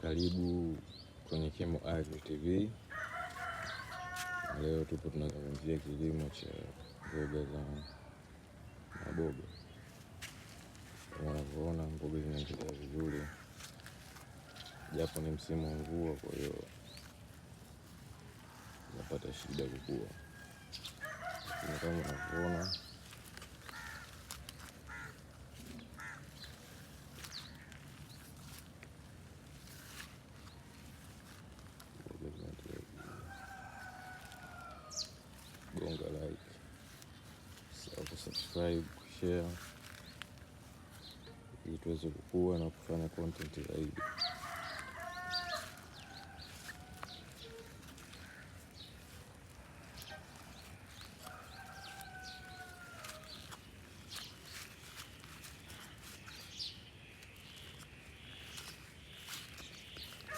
Karibu kwenye Kemo Agri TV. Leo tupo tunazungumzia kilimo cha mboga za maboga. Kama unavyoona mboga zinaendelea vizuri, japo ni msimu wa mvua, kwa hiyo zinapata shida kukua, lakini kama unavyoona gonga like, sasa kusubscribe, kushare ili tuweze kukua na kufanya content zaidi.